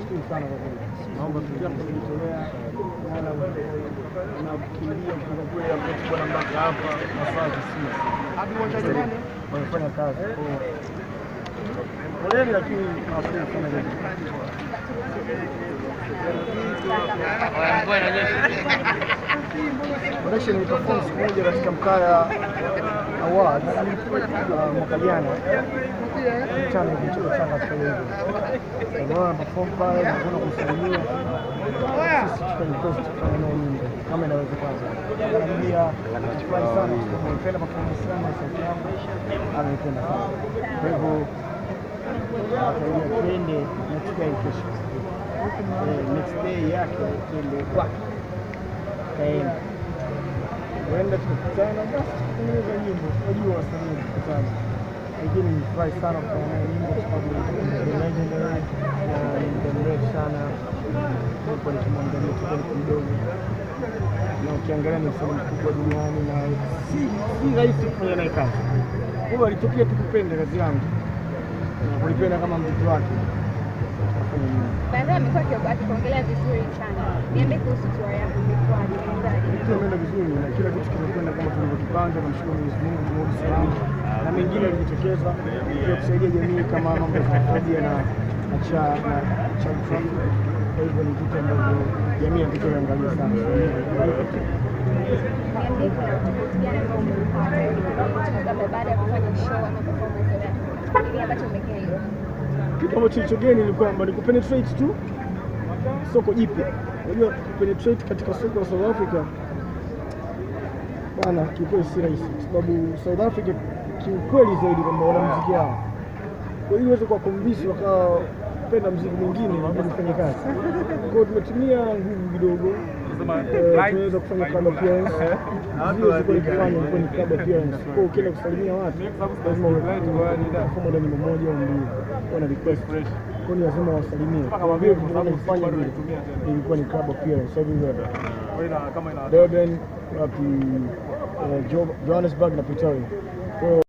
Nashukuru sana kwa kweli, naomba tukia kujitolea na kukimbia kutoka kule Bwana mpaka hapa masaa tisini hadi uwanjani pale wamefanya kazi poleni, lakini nawashukuru sana Connection ilikuwa siku moja katika mkaya award uh, mwaka jana mchana kichukua sana shule hiyo ndio perform pale na kuna kusimamia sisi tufanye cost kama nini kama inawezekana pia nafurahi sana nimependa performance sana sauti yangu ameipenda sana kwa hivyo twende next day kesho eh, next day yake twende kwake kaenda tuenda tukakutana, basi tukatengeneza nyimbo. Unajua wasanii kukutana, lakini nifurahi sana kufanya naye nyimbo sababu ni legendary na ni muda mrefu sana nilikuwa nikimwangalia toka nikiwa mdogo, na ukiangalia ni msanii mkubwa duniani na si si rahisi kufanya naye kazi. Kwa hiyo alitokea tukupenda kazi yangu na kulipenda kama mtoto wake. Baadaye amekuwa akiongelea vizuri sana. Niambie kuhusu tour yako kila kitu kimekwenda kama tulivyopanga. Tunamshukuru Mwenyezi Mungu, kwa usalama na mengine yalijitokeza ya kusaidia jamii kama mambo ya kafajia na cha cha mfano. Kwa hivyo ni kitu ambacho jamii hatutoangalia sana kitu ambacho geni ni kwamba ni kupenetrate tu soko jipya. Unajua, kupenetrate katika soko la South Africa Hapana, kiukweli si rahisi, kwa sababu South Africa kiukweli zaidi kwamba wana muziki wao, kwa hiyo uweze kuwakombishi wakapenda muziki mwingine ili kufanya kazi kwao, tumetumia nguvu kidogo Eh, tuweza kufanya club appearance, eh, kufanya kwenye club appearance. Kwa ukienda kusalimia watu lazima kama ndani mmoja au mbili wana request, kwa ni lazima wasalimie. Kufanya ilikuwa ni club appearance, Durban wapi eh, Johannesburg na Pretoria.